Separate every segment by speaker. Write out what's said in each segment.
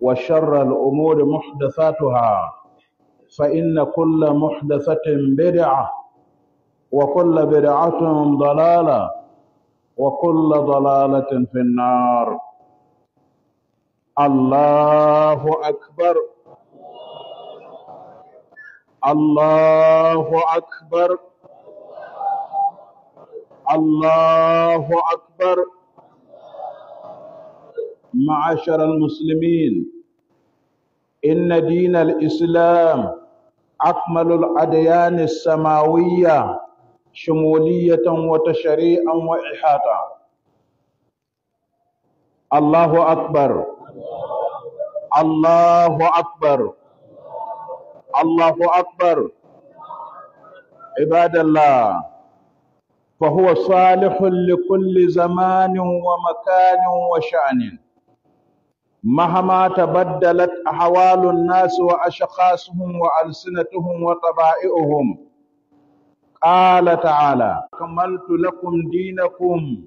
Speaker 1: وشر الأمور محدثاتها فإن كل محدثة بدعة وكل بدعة ضلالة وكل ضلالة في النار الله أكبر الله
Speaker 2: أكبر
Speaker 1: الله أكبر, الله أكبر معاشر المسلمين إن دين الإسلام أكمل الأديان السماوية شمولية وتشريعا وإحاطة الله أكبر الله
Speaker 2: أكبر الله أكبر عباد
Speaker 1: الله فهو صالح لكل زمان ومكان وشأن مهما تبدلت أحوال الناس وأشخاصهم وألسنتهم وطبائعهم قال تعالى كملت لكم دينكم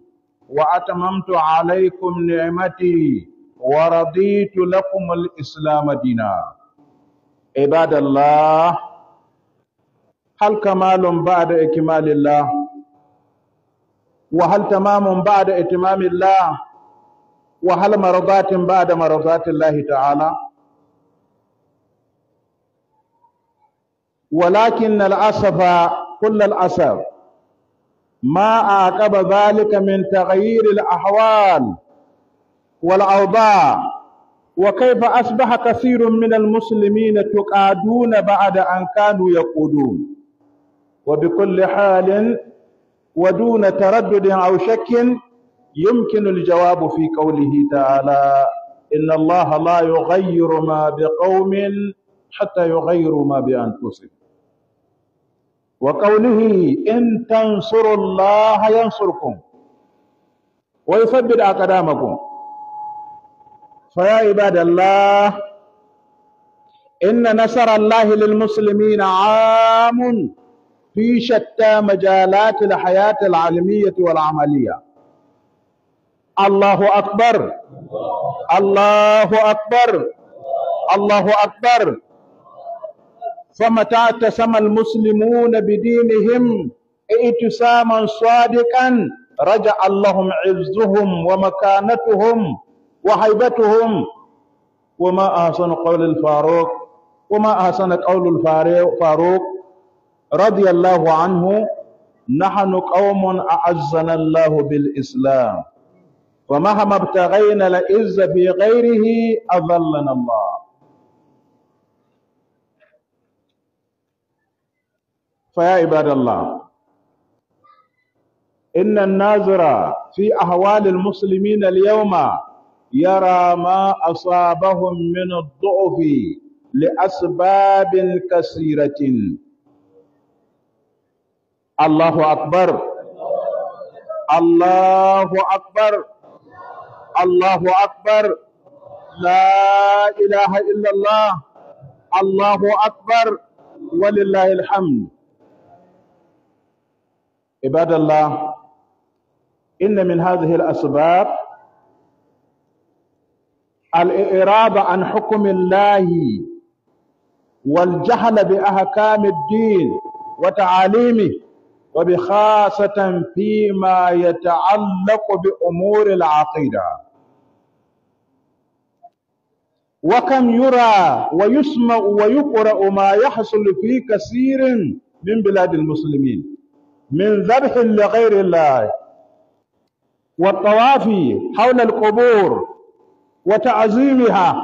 Speaker 1: وأتممت عليكم نعمتي ورضيت لكم الإسلام دينا عباد الله هل كمال
Speaker 2: بعد إكمال الله وهل تمام بعد إتمام الله وهل مرضات بعد مرضات الله تعالى ولكن الأسف كل الأسف ما أعقب ذلك من تغيير الأحوال والأوضاع وكيف أصبح كثير من المسلمين تقادون بعد أن كانوا يقودون وبكل حال ودون تردد أو شك يمكن
Speaker 1: الجواب في قوله تعالى إن الله لا يغير ما بقوم حتى يغيروا ما بأنفسهم وقوله
Speaker 2: إن تنصروا الله ينصركم ويثبت أقدامكم فيا عباد الله إن نصر الله للمسلمين عام في شتى مجالات الحياة العلمية والعملية الله أكبر الله أكبر الله أكبر فمتى تسمى المسلمون بدينهم ائتساما صادقا رجع اللهم عزهم ومكانتهم وهيبتهم وما أحسن قول الفاروق وما أحسن قول الفاروق رضي الله عنه نحن قوم أعزنا الله بالإسلام ومهما ابتغينا العز في غيره أضلنا الله فيا عباد الله إن الناظر في أحوال المسلمين اليوم يرى ما أصابهم من الضعف لأسباب كثيرة الله أكبر الله أكبر الله أكبر لا إله إلا الله الله أكبر ولله الحمد عباد الله إن من هذه الأسباب الاعراض عن حكم الله والجهل بأحكام الدين وتعاليمه وبخاصة فيما يتعلق بأمور العقيدة وكم يرى ويسمع ويقرأ ما يحصل في كثير من بلاد المسلمين من ذبح لغير الله والطواف حول القبور وتعظيمها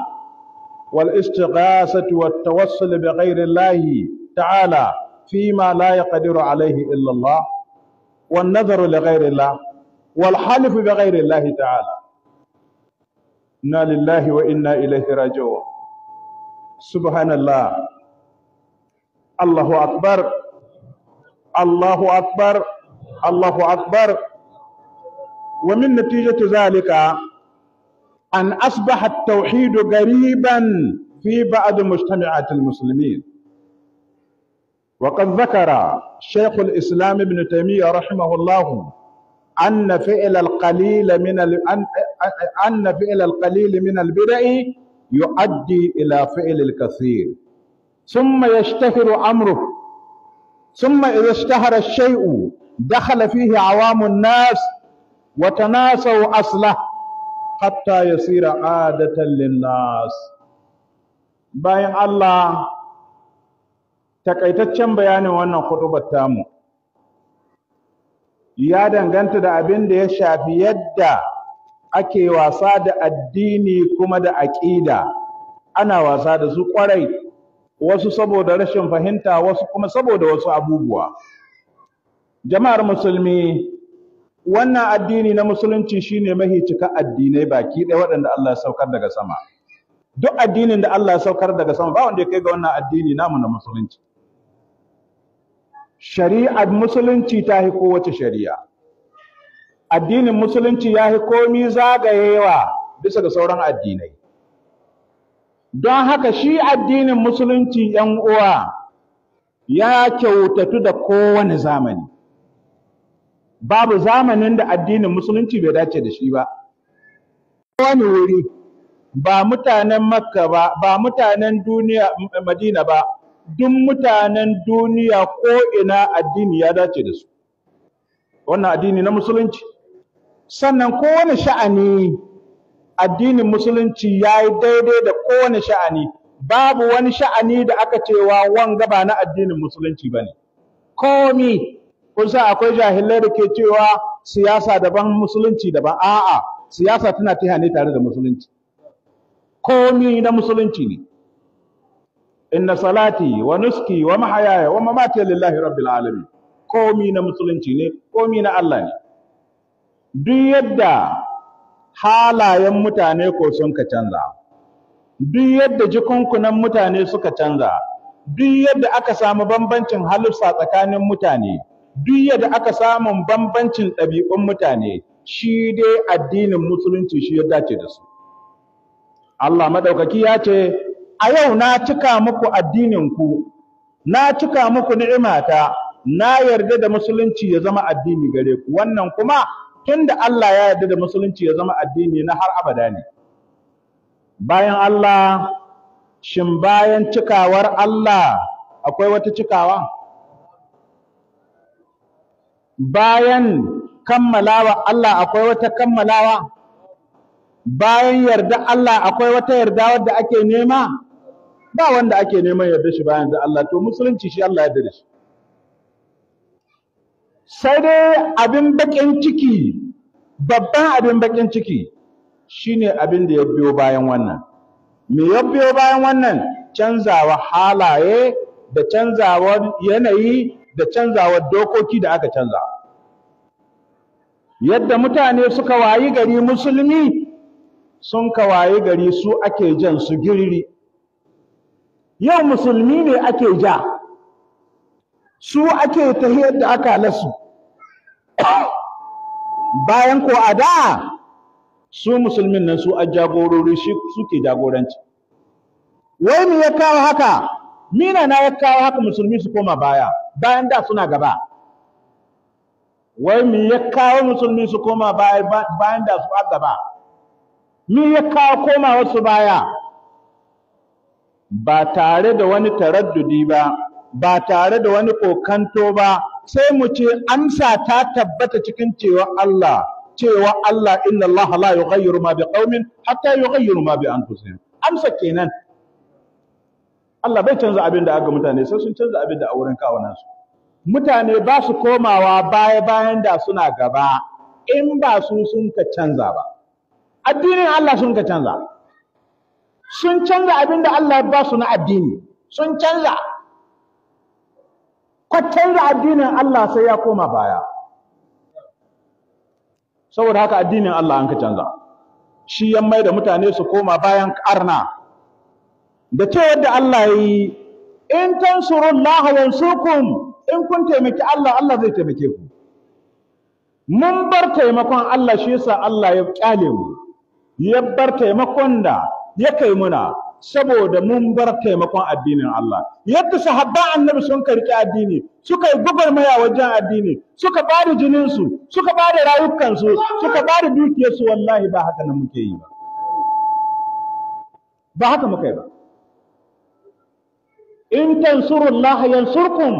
Speaker 2: والاستغاثة والتوسل بغير الله تعالى فيما لا يقدر عليه إلا الله والنذر لغير الله والحلف بغير الله
Speaker 1: تعالى انا لله وانا اليه راجعون سبحان الله الله اكبر
Speaker 2: الله اكبر الله اكبر ومن نتيجة ذلك أن أصبح التوحيد غريبا في بعض مجتمعات المسلمين وقد ذكر شيخ الإسلام ابن تيمية رحمه الله أن فعل القليل من ال... أن... أن فعل القليل من البدع يؤدي إلى فعل الكثير ثم يشتهر أمره ثم إذا اشتهر الشيء دخل فيه عوام الناس وتناسوا أصله حتى يصير عادة للناس باين الله takaitaccen bayanin wannan khutubar tamu ya danganta da abin da ya shafi yadda ake wasa da addini kuma da aƙida ana wasa da su ƙwarai wasu saboda rashin fahimta wasu kuma saboda wasu abubuwa jama'ar musulmi wannan addini na musulunci shine mahi cika addinai baki ɗaya waɗanda Allah ya saukar daga sama duk addinin da Allah ya saukar daga sama ba wanda ya kai ga wannan addini namu na musulunci shari'ar musulunci ta yi kowace shari'a addinin musulunci ya yi komi zagayewa bisa ga sauran addinai don haka shi addinin musulunci ‘yan uwa ya kyautatu da kowane zamani babu zamanin da addinin musulunci bai dace da shi ba kowane wuri ba mutanen makka ba ba mutanen duniya madina ba duk mutanen duniya ko ina addini ya dace da su wannan addini na musulunci sannan kowane sha'ani addinin musulunci ya yi daidai da kowane sha'ani babu wani sha'ani da aka cewa wanga ba na addinin musulunci ba ne komi kun sa akwai jahilai da ke cewa siyasa daban musulunci daban a'a siyasa tana tihani tare da musulunci komi na musulunci ne inna salati wa nuski wa mahayaya wa mamati lillahi rabbil alamin komi na musulunci ne komi na Allah ne duk yadda halayen mutane ko sun ka canza duk yadda jikunkunan mutane suka canza duk yadda aka samu bambancin halussa tsakanin mutane duk yadda aka samu bambancin ɗabi'un mutane shi dai addinin musulunci shi ya dace da su Allah madaukaki ya ce a yau na cika muku addininku na cika muku ni'imata na yarda da musulunci ya zama addini gare ku wannan kuma tunda Allah ya yarda da musulunci ya zama addini na har abada ne bayan Allah shin bayan cikawar Allah akwai wata cikawa bayan kammalawa Allah akwai wata kammalawa bayan yarda Allah akwai wata yarda wadda ake nema ba wanda ake neman yarda shi bayan da Allah to musulunci shi Allah yarda da shi sai dai abin bakin ciki babban abin bakin ciki shine abin da ya biyo bayan wannan me ya biyo bayan wannan canzawa halaye da canzawa yanayi da canzawa dokoki da aka canza yadda mutane suka wayi gari musulmi sun kawayi gari su ake jan su girri yau musulmi ne ake ja su ake ta da aka lasu bayan ko a da su musulmin nan su a jagorori suke jagoranci wai me ya kawo haka mina na ya kawo haka musulmi su koma baya bayan da suna gaba wai me ya kawo musulmi su koma baya bayan da su a gaba me ya kawo koma wasu baya ba tare da wani taraddudi ba ba tare da wani kokanto ba sai mu ce amsa ta tabbata cikin cewa Allah cewa Allah inna Allah la yughayyiru ma biqaumin hatta yughayyiru ma bi anfusihim amsa kenan Allah bai canza abin da aka mutane sai sun canza abin da a wurin kawunan su mutane ba su komawa baya bayan da suna gaba in ba su sun ka canza ba addinin Allah sun ka canza sun canza abin da Allah ya ba su na addini sun canza kwatan da addinin Allah sai ya koma baya saboda haka addinin Allah an ka canza shi ya mai da mutane su koma bayan karna da ce yadda Allah ya yi in tansurullaha yansurkum in kun taimaki Allah Allah zai taimake ku mun bar taimakon Allah shi yasa Allah ya kyale mu ya bar taimakon da ya kai muna saboda mun bar taimakon addinin Allah yadda sahabban annabi sun karki addini suka yi gwagwarmaya wajen addini suka bada jininsu suka bada rayukansu suka bada dukiyarsu wallahi ba haka nan muke yi ba ba haka muke ba in tansurullah yansurkum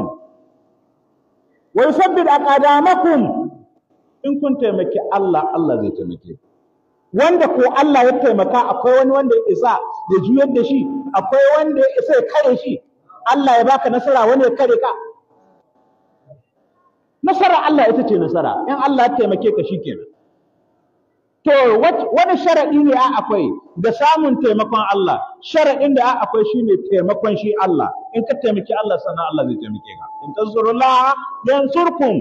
Speaker 2: wa yusabbit aqdamakum in kun taimaki Allah Allah zai taimake ku wanda ko Allah ya taimaka akwai wani wanda ya isa ya juyar da shi akwai wanda ya isa ya kare shi Allah ya baka nasara wani ya kare ka nasara Allah ita ce nasara in Allah ya taimake ka shikenan to wani sharadi ne a akwai da samun taimakon Allah sharadin da a akwai shine taimakon shi Allah in ka taimaki Allah sannan Allah zai taimake ka in tazurullah yansurkum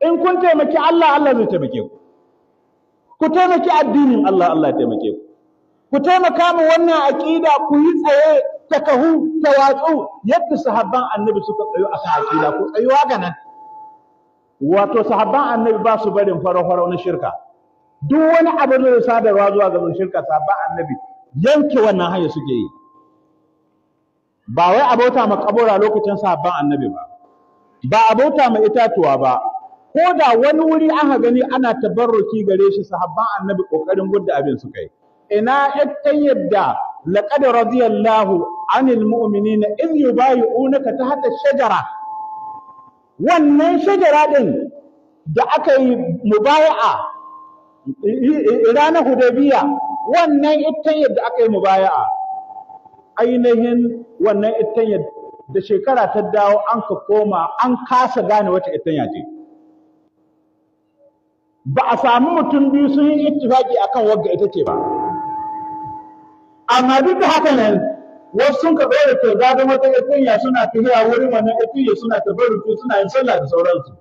Speaker 2: in kun taimaki Allah Allah zai taimake ku ku taimaki addinin Allah Allah ya taimake ku ku taimaka mu wannan aqida ku yi tsaye ta kahu ta watsu yadda sahabban annabi suka tsayo a kan aqida ku tsayuwa ga nan wato sahabban annabi ba su barin faro-faro na shirka duk wani abu da sadarwa zuwa ga shirka sahabban annabi yanke wannan hanya suke yi ba wai abota ma kabura lokacin sahabban annabi ba ba abota ma itatuwa ba ko da wani wuri aka gani ana tabarruki gare shi sahabban annabi kokarin gudda abin su kai ina yakkan yadda laqad radiyallahu anil mu'minina in ta hada shajara wannan shajara din da aka yi mubaya'a ranar hudabiya wannan ita yadda aka yi mubaya'a ainihin wannan yadda da shekara ta dawo an ka koma an kasa gane wata ita ce ba a samu mutum biyu sun yi ittifaki akan wagga ita ce ba amma duk da haka nan wasu sun kaɓe da ke gadon wata kunya suna tafiya wurin wannan kunya suna tabarruki suna yin sallah da sauransu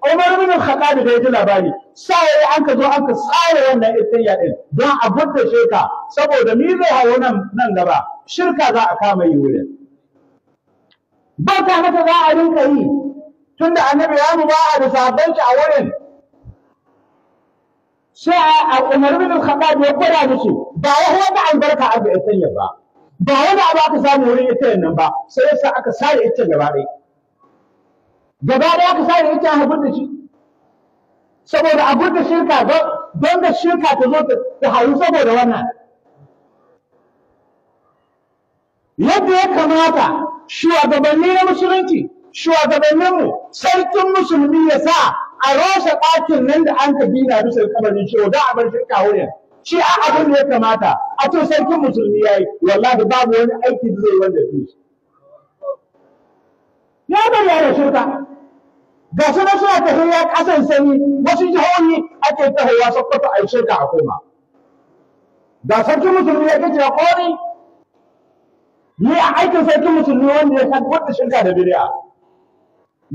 Speaker 2: Umar bin Khattab da yake labari sai an ka zo an ka tsare wannan kunya din don a gudda sheka saboda ni zai hawo nan nan gaba shirka za a kama yi wurin ba ta haka za a rinka yi tunda annabi ya mu ba a da sabanci a wurin sai a Umar bin Khattab ya gwada musu ba ya wata albarka a da ita ba ba wani abu aka samu wurin ita nan ba sai yasa aka sare ita gaba ɗaya gaba ɗaya aka sare ita haifar da shi saboda a burta shirka don da shirka ta zo ta hayu saboda wannan yadda ya kamata shugabanni na musulunci shugabanninmu sarkin musulmi ya sa a rosa ɗakin nan da an ka na bisa kamarin cewa za a bar shi wurin shi a abin da ya kamata a to sarkin musulmi ya yi wallahi babu wani aiki da zai wanda fi shi ya bar yara shirka ga su na suna tafiya ƙasan sani wasu jihohi ake tahowa sakkwato a yi shirka a koma ga sarkin musulmi ya kace kori ni a aikin sarkin musulmi wanda ya kan wanda shirka da bid'a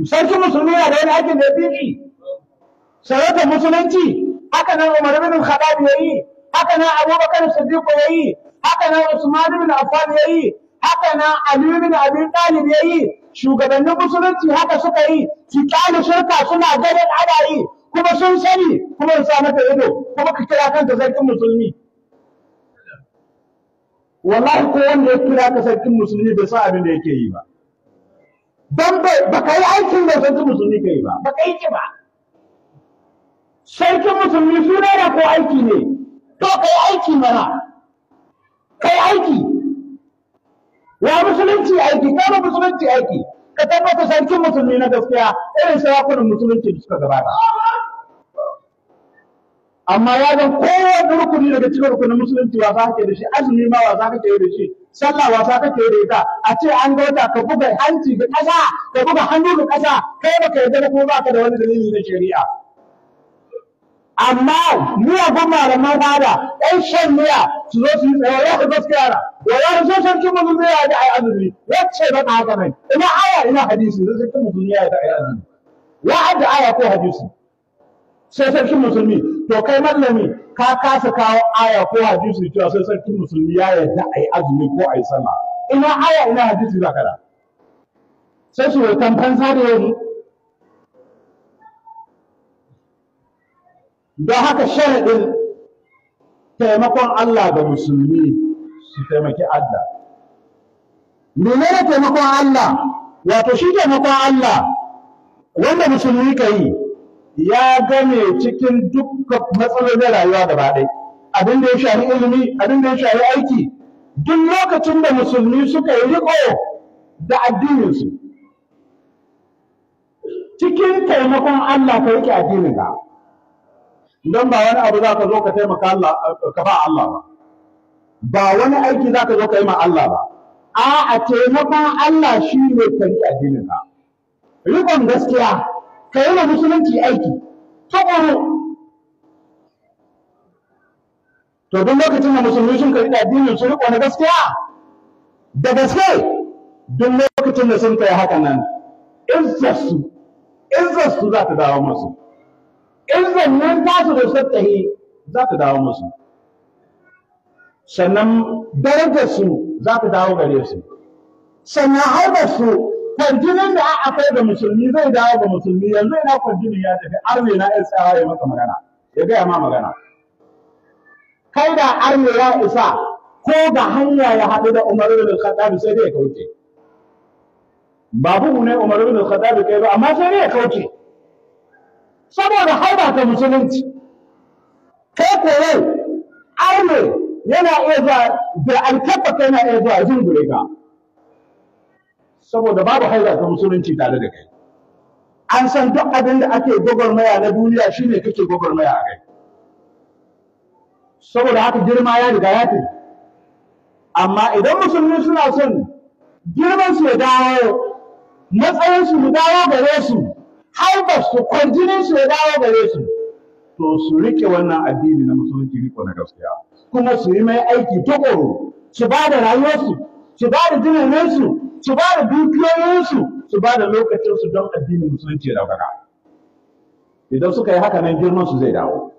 Speaker 2: sarkin musulmi yana da wani aikin da bid'a sarautar musulunci haka nan Umar bin ya yayi haka nan Abubakar Siddiq yayi haka nan Usman bin Affan yayi haka nan Ali bin Abi Talib yayi shugabannin musulunci haka suka yi su kyale shirka suna ganin adayi, kuma sun sani kuma su sa mata ido kuma ka kira kanta sarkin musulmi wallahi ko wanda ya kira ka sarkin musulmi bai san abin da yake yi ba dan bai ka yi aikin da sarkin musulmi ka yi ba baka yi ki ba sarki musulmi suna da ko aiki ne to kai aiki mana kai aiki ya musulunci aiki kai musulunci aiki ka tabbata sarkin musulmi na gaskiya irin sarakunan musulunci da suka gabata amma ya zan kowane rukuni daga cikin rukunin musulunci wasa kake da shi azumi ma wasa kake da shi sallah wasa kake da ita a ce an ga wata ka buga hanci ga ƙasa ka buga hannu ga ƙasa kai baka yarda da kuma baka da wani dalili na shari'a amma miyagun malaman fada ɗan shan miya su zo su yi tsoro ku gaskiyara wala so san kuma mun miya da ai azumi wacce ba haka nan ina aya ina hadisi zai san kuma duniya da ai azumi wa'ada aya ko hadisi sai sarkin musulmi to kai mallami ka kasa kawo aya ko hadisi cewa sai sarkin musulmi ya yarda ai azumi ko ai sama. ina aya ina hadisi ba kada sai su tantan sa da yanzu Da haka sharaɗin taimakon Allah ga musulmi
Speaker 1: su taimaki Allah
Speaker 2: menene taimakon Allah wato shi taimakon Allah wanda musulmi ka yi ya game cikin matsalar matsalolin rayuwa gaba ɗaya abin da ya shari ilimi abin da ya shari aiki duk lokacin da musulmi suka yi riko da addininsu cikin taimakon Allah ka yake addinin ka don ba wani abu za ka zo ka taimaka Allah ka ba Allah ba ba wani aiki za ka zo ka yi ma Allah ba a a taimakon Allah shi ne ka yi addinin ka Rikon gaskiya ka yi wa musulunci aiki tuƙuru to duk lokacin da musulmi sun karɓi addinin su riƙo na gaskiya da gaske duk lokacin da sun kai hakan nan izzarsu izzarsu za ta dawo musu in zannan tasu da sattahi za ta dawo musu sannan darajar su za ta dawo gare su sannan harbar su kwanjinin da kai ga musulmi zai dawo ga musulmi yanzu ina kwanjinin ya tafi arne na ya tsawa ya maka magana ya gaya ma magana kai da arne ya isa ko da hanya ya haɗu da umar bin khattab sai dai ya kauce babu ne umar bin khattab kai ba amma sai dai ya kauce saboda haida ta musulunci kai koyar aure yana iya zuwa da alkafaka yana iya zuwa zungure ka saboda babu haida ta musulunci tare da kai an san duk abin da ake gwagwarmaya na duniya shine kake gwagwarmaya a kai saboda haka girma ya riga ya fi amma idan musulmi suna son girmansu ya dawo matsayinsu su dawo gare su har ba su kwarjinin su ya dawo gare su to su rike wannan
Speaker 1: addini na musulunci riko na
Speaker 2: gaskiya kuma su yi mai aiki tukuru su ba da rayuwarsu su ba da jinaninsu su ba da dukiyoyinsu su ba da lokacinsu don addinin musulunci ya ɗaukaka idan suka yi haka nan girman su zai dawo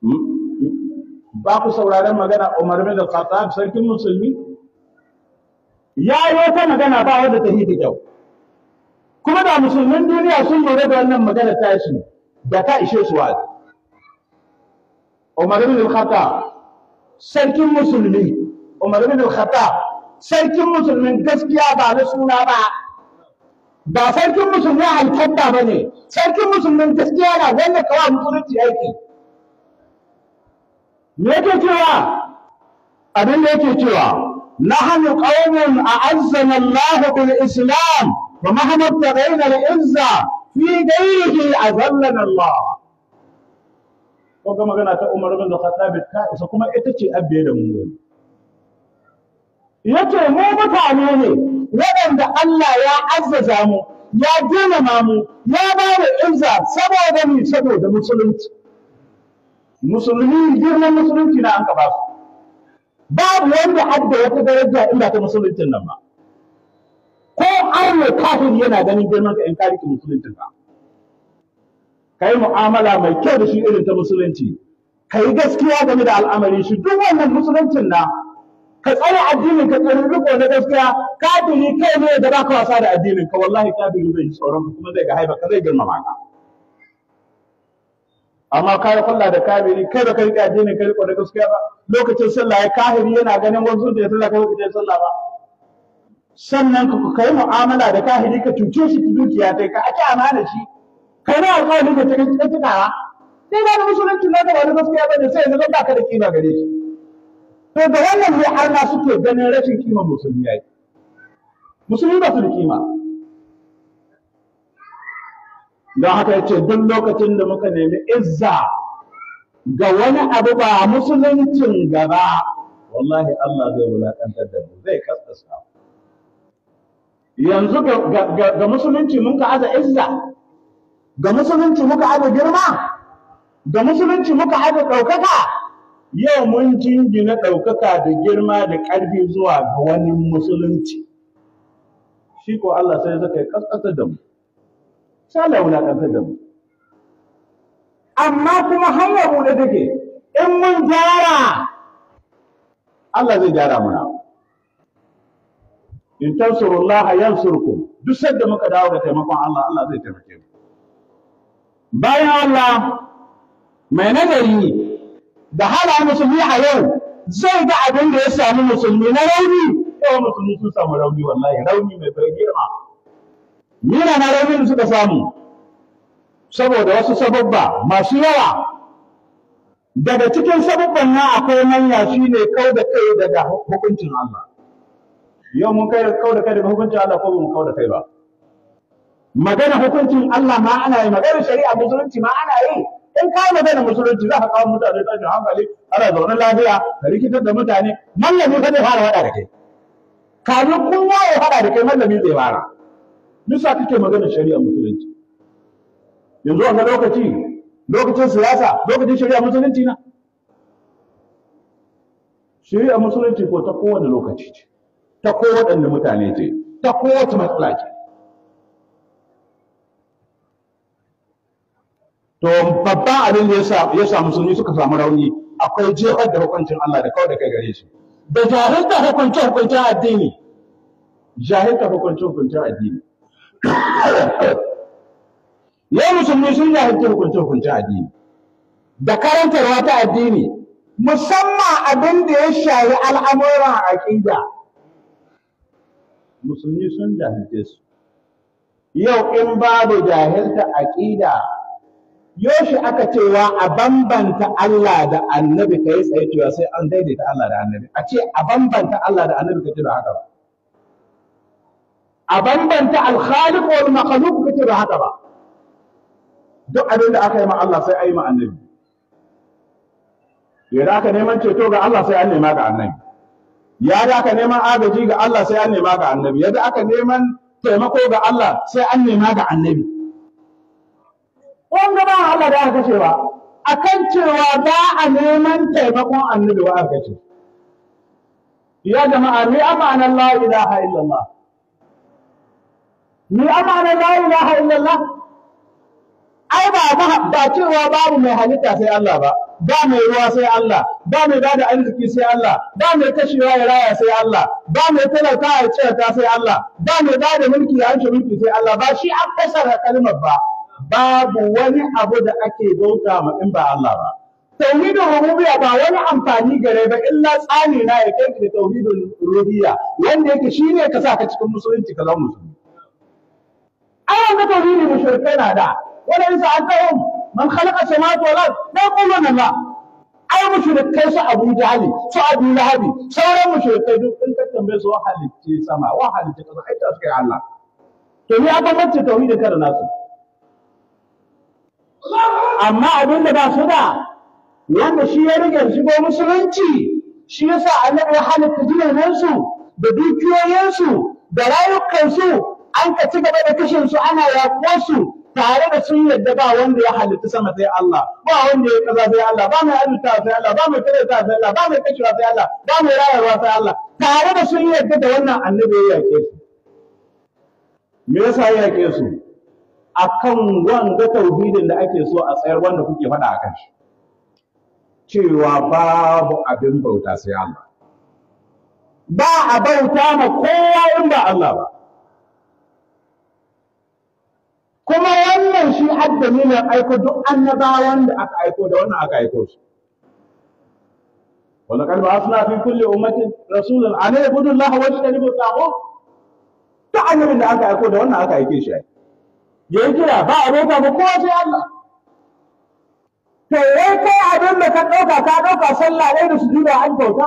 Speaker 2: hmm? Hmm? ba ku sauraron magana Umar bin Khattab sarkin musulmi ya yi wata magana ba wadda ta yi da kyau kuma da musulmin duniya sun lura da wannan magana shi da ta ishe su wa'azi Umar ibn al khata sarkin musulmi Umar ibn al khata sarkin musulmin gaskiya ba na suna ba ba sarkin musulmi alkabba ba ne sarkin musulmin gaskiya na wanda kawo musulunci aiki me yake cewa abin da yake cewa نحن قوم أعزنا الله بالإسلام ومهما ابتغينا العزة في غيره أذلنا الله Kuma ga magana ta Umar bin Khattab ta isa kuma ita ce abbe da mu yace mu mutane ne waɗanda Allah ya azzaza mu ya girmama mu ya ba mu izza saboda ni saboda musulunci musulmi girman musulunci na an ka ba su babu wanda adda wata daraja inda ta musuluncin nan ba ko arne kafin yana ganin girman ka in ka rike musuluncin ka kai mu'amala mai kyau da shi irin ta musulunci kai gaskiya game da al'amari shi duk wannan musuluncin na ka tsaya addinin ka tsare na gaskiya kafiri kai ne da ka wasa da addinin ka wallahi kafiri zai tsoron kuma zai ga haiba ka zai girmama ka amma ka kulla da kabiri kai da kai ne kai ko da gaskiya ba lokacin sallah ya kahiri yana ganin wasu da sallah kai lokacin sallah ba sannan ku kai mu'amala da kahiri ka cuce shi ta dukiya dai ka ake amana shi kai na alƙawari ka cikin tsakawa sai ga musulunci na da wani gaskiya ba da sai ya zama ka da kima gare shi to da wannan ne har ma suke ganin rashin kima musulmi yayi musulmi ba su da kima don haka ya ce duk lokacin da muka nemi izza ga wani abu ba musuluncin gaba wallahi
Speaker 1: Allah zai wulaƙantar da mu zai kaskasa yanzu
Speaker 2: ga musulunci mun ka aza izza ga musulunci muka aza girma ga musulunci muka aza ɗaukaka yau mun jingina ɗaukaka da girma da ƙarfi zuwa ga wani musulunci shi ko Allah sai zaka kaskasa da mu sha Allah wulaƙantar da mu amma kuma hanyar da take in mun gyara Allah zai gyara muna in yan yansurkum duk sadda muka dawo da taimakon Allah Allah zai taimake mu bayan Allah mai nazari da hala musulmi a yau zai ga abin da ya sami musulmi na rauni Ko musulmi sun samu rauni wallahi rauni mai bai girma yana na raunin da suka samu saboda wasu sababba masu yawa daga cikin sababban nan akwai manya shi ne kau da kai daga hukuncin Allah yau mun kai kau da kai daga hukuncin Allah ko mun kau da kai ba magana hukuncin Allah ma ana yi magana shari'a musulunci ma ana yi in ka magana musulunci za ka kawo mutane tashin hankali ana zaune lafiya ka rikitar da mutane mallami fa zai fara faɗa da kai kafin kowa ya faɗa da kai mallami zai fara Nisa kake magana shari'a musulunci yanzu a lokaci lokacin siyasa lokacin shari'a musulunci na shari'a musulunci ko ta kowane lokaci ce ta kowane mutane ce ta kowace matsala ce to babban abin da ya sa musulmi suka samu rauni akwai jefar da hukuncin Allah da kawai da kai gare shi da jahilta hukuncin hukuncin addini jahilta hukuncin hukuncin addini yau musulmi sun jahilci hukunce hukunce addini da karantarwa ta addini musamman abin da ya shayi al'amuran
Speaker 1: aƙida musulmi sun jahilce su
Speaker 2: yau in babu jahilta aƙida yoshi aka cewa a bambanta Allah da annabi ka yi tsaye cewa sai an daidaita Allah da annabi a ce a bambanta Allah da annabi ka ce ba haka ba
Speaker 1: a bambanta
Speaker 2: alkhaliq wal makhluq kace ba haka ba duk abin da aka yi ma Allah sai ayi ma annabi ya da ka neman ceto ga Allah sai an nema ga annabi ya da ka neman agaji ga Allah sai an nema ga annabi ya da aka neman taimako ga Allah sai an nema ga annabi wanda ba Allah da aka kashe ba akan cewa ba a neman taimakon annabi wa aka ce ya jama'a me amana la ilaha illallah ni amana la ilaha illallah ai ba ba cewa babu mai halitta sai Allah ba ba mai ruwa sai Allah ba mai bada arziki sai Allah ba mai kashewa ya raya sai Allah ba mai talauta ya ciyarta sai Allah ba mai bada mulki ya hanci mulki sai Allah ba shi an kalmar ba babu wani abu da ake bauta ma in ba Allah ba tauhidin rububiyya ba wani amfani gare ba illa tsani na ya kai da tauhidin rububiyya wanda yake shine ka saka cikin musulunci ka zama musulmi ai wanda tauhidi mushrikai na da wala in sa'atahum man khalaqa samawati wal ard la yaquluna Allah ai mushrikai su Abu Jahl su Abu Lahab sauran mushrikai duk in ka tambaye su wa halitti sama wa halitti kaza ai ta suka yi Allah to ni abin mace tauhidi kada nasu amma abin da ba su da wanda shi ya rage shigo musulunci shi yasa annabi ya halitta jinanansu da dukiyoyinsu da rayukansu an ka ci gaba da kashin su ana yaƙo su tare da sun yadda ba wanda ya halitta sama sai Allah ba wanda ya kaza sai Allah ba mai azuta sai Allah ba mai da sai Allah ba mai kashewa sai Allah ba mai rayarwa sai Allah tare da sun yadda da wannan annabi ya yaƙe su me yasa ya yaƙe su akan wanda tauhidin da ake so a tsayar wanda kuke faɗa kan shi cewa babu abin bauta sai Allah ba a bauta ma kowa in ba Allah ba kuma wannan shi addalilin aiko duk annabawan da aka aiko da wannan aka aiko shi wala kan ba asna fi kulli ummatin rasulun an yabudu Allah wa yajtanibu samu. ta annabin da aka aiko da wannan aka aike shi ya yi kira ba a roƙa ba kowa sai Allah to wai kai abin da ka ɗauka ka ɗauka sallah ne da sujuda an bauta.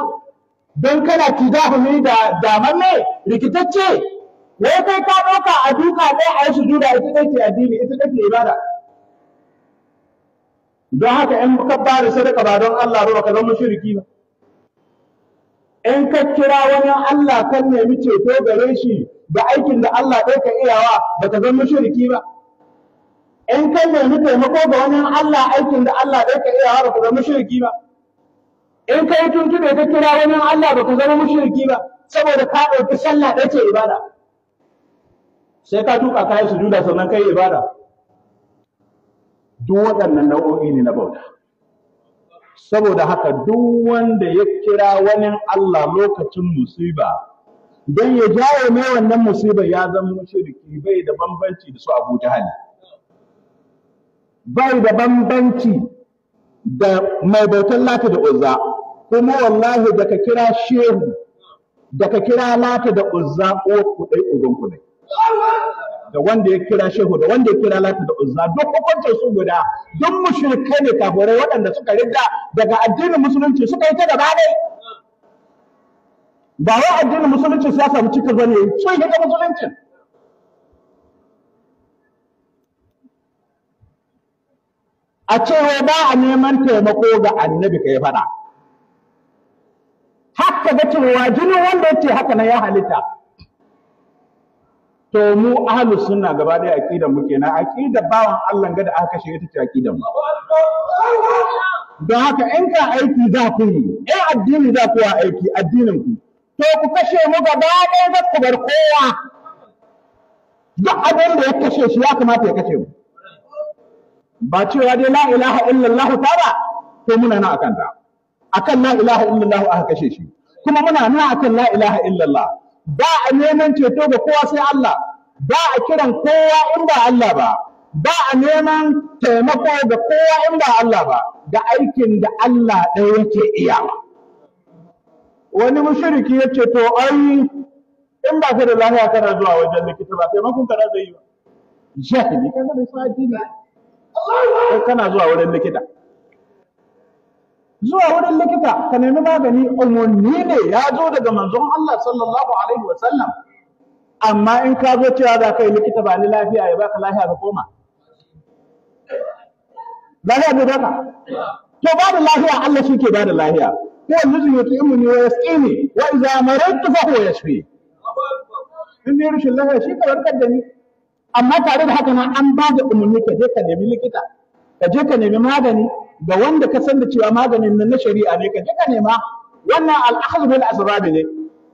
Speaker 2: don kana tidahu ni da damar ne rikitacce wai kai ka ɗauka a duka ɗaya a yi sujuda ita take addini ita take ibada don haka in ka ba da sadaka ba don Allah ba ka zama mushriki ba in ka kira wani Allah kan nemi ceto gare shi da aikin da Allah ɗaya ka iyawa ba ka zama mushriki ba in ka nemi taimako ga wani Allah aikin da Allah ɗaya ka iyawa ba ka zama mushriki ba in ka yi tuntube ka kira wani Allah ba ka zama mushriki ba saboda ka ɗauki sallah ɗaya ce ibada sai ka duka ka yi sujuda sannan kai ibada duk waɗannan nau'o'i ne na bauta saboda haka duk wanda ya kira wani Allah lokacin musiba don ya jawo mai wannan musiba ya zama ke, bai da
Speaker 1: bambanci da su Abu hali.
Speaker 2: bai da bambanci da mai bautar lata da uzza kuma wallahi da ka kira shehu da ka kira lata da uzza ko kudai ugun kudai da wanda ya kira shehu da wanda ya kira lata da uzza duk hukuncin su guda duk mushrikai ne kafirai waɗanda suka rinda daga addinin musulunci suka yi ta gaba dai ba wa addinin musulunci ya samu cika bane sun hita musulunci a cewa ba a neman taimako ga annabi kai faɗa haka ga cewa jinin wanda ya ce haka na ya halitta to mu ahlus sunna gaba daya aqidar mu kenan aqida bawan Allah ga da aka shiga ta aqidar mu Da haka in ka aiki za ku yi in addini za ku aiki addinin ku to ku kashe mu gaba daya za ku bar kowa duk abin da ya kashe shi ya kamata ya kashe mu ba cewa dai la ilaha illallah ta ba to muna nan akan ta akan la ilaha illallah aka kashe shi kuma muna nan akan la ilaha illallah ba a neman ceto ga kowa sai Allah ba a kiran kowa in ba Allah ba ba a neman taimako ga kowa in ba Allah ba da aikin da Allah ɗaya yake iyawa wani mushriki ya ce to ai in ba ka da lafiya kana zuwa wajen likita ba taimakon ka zai yi ba jahili kana da sa'adi ne kana zuwa wajen likita zuwa wurin likita ka nemi magani umarni ne ya zo daga manzon Allah sallallahu alaihi wa sallam amma in ka zo cewa za ka yi likita ba ni lafiya ya baka lafiya ka koma lafiya bai baka to ba da lafiya Allah shi ke ba da lafiya ko yanzu ya tu'imu ni wa yasqini wa idza maradtu fa huwa yashfi in ne rashin lafiya shi ka warkar da ni amma tare da haka nan an ba da umarni ka je ka nemi likita ka je ka nemi magani ga wanda ka san da cewa maganin nan na shari'a ne ka je ka nema wannan al'akhdhu bil asbab ne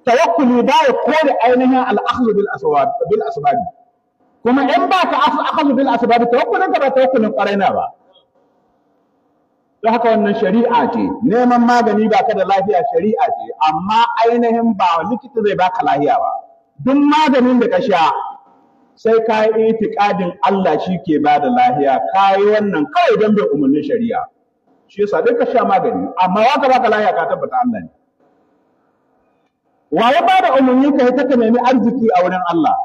Speaker 2: tawakkuli ba ya kore ainihin al'akhdhu bil asbab bil asbab kuma in ba ka akhdhu bil asbab tawakkulin ka ba tawakkulin na ba don haka wannan shari'a ce neman magani ba ka da lafiya shari'a ce amma ainihin ba likita zai baka lafiya ba duk maganin da ka sha sai ka yi itikadin Allah shi ke ba da lahiya ka yi wannan kawai don bai umarnin shari'a shi yasa dai ka sha magani amma waka ka lahiya ka tabbata Allah ne wa ya ba da umarni ka yi ta nemi arziki a wurin Allah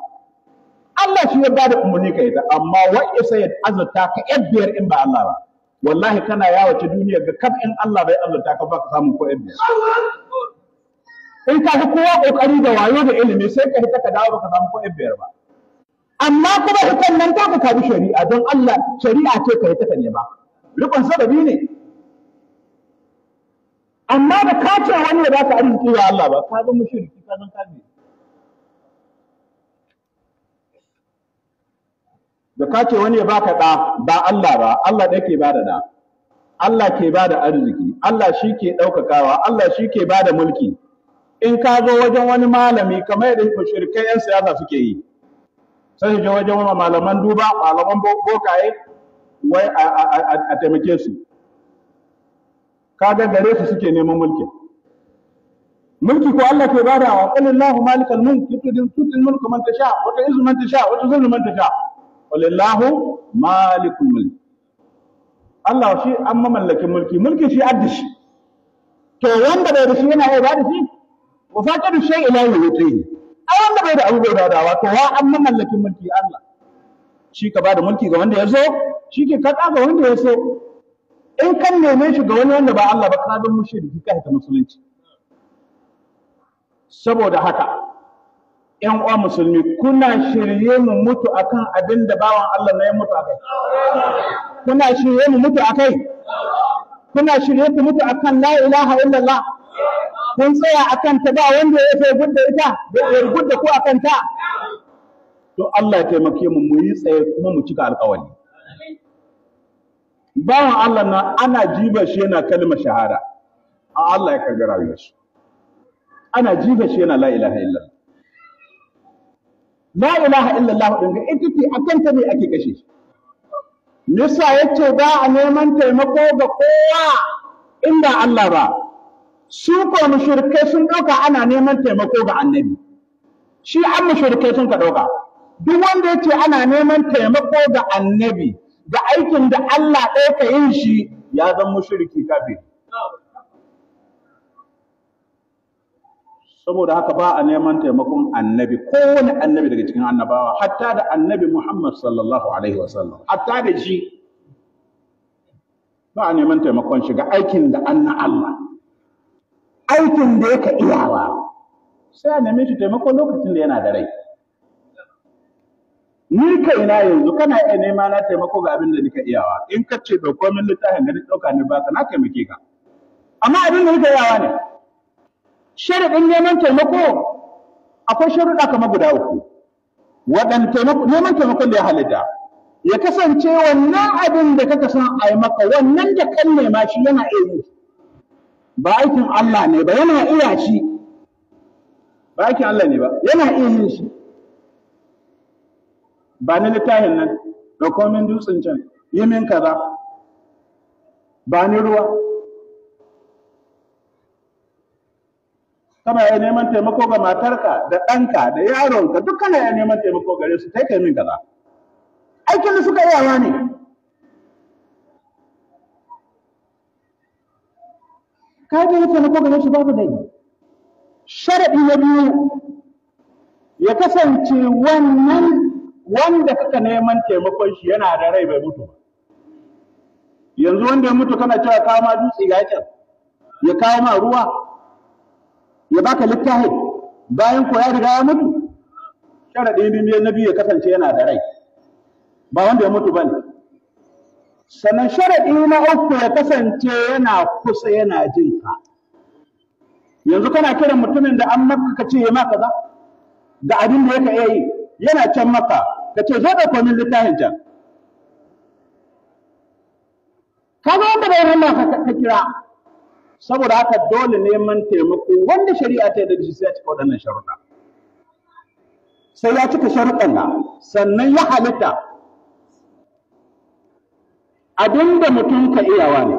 Speaker 2: Allah shi ya ba da umarni ka yi ta amma wai isa ya azurta ka yan biyar in ba Allah ba wallahi kana yawace duniya ga kaf in Allah bai azurta ka ba ka samu ko yan biyar in ka fi kowa kokari da wayo da ilimi sai ka yi ka dawo ka samu ko yan biyar ba amma kuma hitan nan ta ka bi shari'a don Allah shari'a ce yi ta ne ba rikon sababi ne amma da ka ce wani da zaka arziki wa Allah ba ka
Speaker 1: zama shi ka zama kafiri
Speaker 2: da ka ce wani ya baka ɗa ba Allah ba Allah da ke bada ɗa Allah ke bada arziki Allah shi ke ɗaukakawa Allah shi ke bada mulki in ka zo wajen wani malami kamar yadda shirkai 'yan siyasa suke yi sai su je wajen malaman duba malaman bokaye wai a taimake su kaga gare su suke neman mulki mulki ko Allah ke wa qulillahu malikal mulk tudin tudin mulku man tasha wa tu'izzu man tasha wa tuzillu man tasha qulillahu malikul mulk Allah shi an mamallakin mulki mulki shi addishi to wanda bai rishi shi yana iya bada shi wa faqadu shay'in la yu'tihi ai wanda bai da abu bai dawa to wa an mamallakin mulki Allah shi ka bada mulki ga wanda ya so shi ke ka ga wanda ya so in kan neme shi ga wani wanda ba Allah ba ka don da ka ta musulunci saboda haka ‘yan uwa musulmi kuna shirye mu mutu akan abin da bawan Allah na ya mutu akai kuna shirye mu mutu akai kuna shirye ku mutu akan la ilaha illallah kun tsaya a kanta ba wanda ya fi gudda ita ya gudda ku a kanta to Allah ya taimake mu mu yi tsaye kuma mu cika alƙawari bawan Allah na ana jiba shi yana kalmar shahara. a Allah ya karbi rayuwar shi ana jiba shi yana la ilaha illallah la ilaha illallah din ga ita ce a ta ne ake kashe shi Nisa yace ba a neman taimako ga kowa in Allah ba su ko mushrikai sun ɗauka ana neman taimako ga annabi shi an mushrikai sun ka ɗauka duk wanda ya ana neman taimako ga annabi ga aikin da Allah ɗaya ka yin shi ya zan mushriki kafi saboda haka ba a neman taimakon annabi kowane annabi daga cikin annabawa hatta da annabi Muhammad sallallahu alaihi wasallam hatta da shi ba a neman taimakon shi ga aikin da anna Allah aikin da yake iyawa sai a neme shi taimako lokacin da yana da rai ni kaina yanzu kana iya nema na taimako ga abin da nika iyawa in ka ce ɗauko min littafin da ni ɗauka ni baka na taimake ka amma abin da nika iyawa ne sharaɗin neman taimako akwai sharuɗa kamar guda uku taimako neman taimakon da ya halitta ya kasance wannan abin da kaka son a yi maka wannan da kan nema shi yana iya yi ba Allah ne ba yana iya shi ba Allah ne ba yana iya yin shi ba ni littafin nan da komin dutsen can yi min kaza ba ni ruwa Kama ya neman taimako ga matarka da ɗanka da yaronka duk ya neman taimako gare su yi min kaza aikin da suka yawa ne ka da yi taimako shi babu dai sharaɗi ya biyu ya kasance wannan wanda kaka neman taimakon shi yana da rai bai mutu yanzu wanda ya mutu kana cewa kawo ma dutse ga can ya kawo ma ruwa ya baka littafi bayan ko ya riga ya mutu sharaɗi na biyu ya kasance yana da rai ba wanda ya mutu ba sannan sharaɗi na uku ya kasance yana kusa yana jin ka yanzu kana kiran mutumin da an maka ka ce ma kaza da abin da yake iya yi yana can maka ka ce zo da komin littafin can ka ga wanda bai maka ka kira saboda haka dole neman taimako wanda shari'a ta yarda da shi sai ya cika waɗannan sharuɗa sai ya cika sharuɗan nan sannan ya halitta abin da mutum ka iyawa ne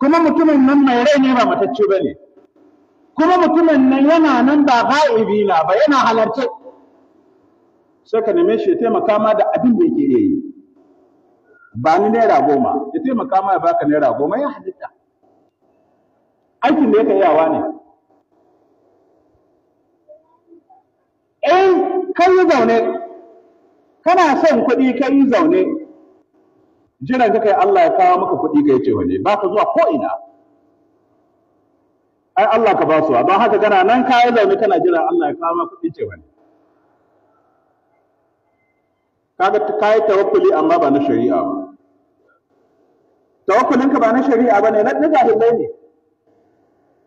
Speaker 2: kuma mutumin nan mai rai ne ba matacce ba ne kuma mutumin nan yana nan ba ga'ibi na ba yana halarce sai ka neme shi ya taimaka ma da abin da yake iya yi ba ni naira goma ya taimaka ma ya baka naira goma ya halitta aikin da yake iyawa ne in kai zaune kana son kuɗi kai zaune jiran ka kai Allah ya kawo maka kuɗi kai ce wani ba ka zuwa ko ina ai Allah ka ba su don haka kana nan ka yi zaune kana jiran Allah ya kawo maka kuɗi ce wani kaga ka yi tawakkuli amma ba na shari'a ba tawakkulinka ba na shari'a ba ne na jahilai ne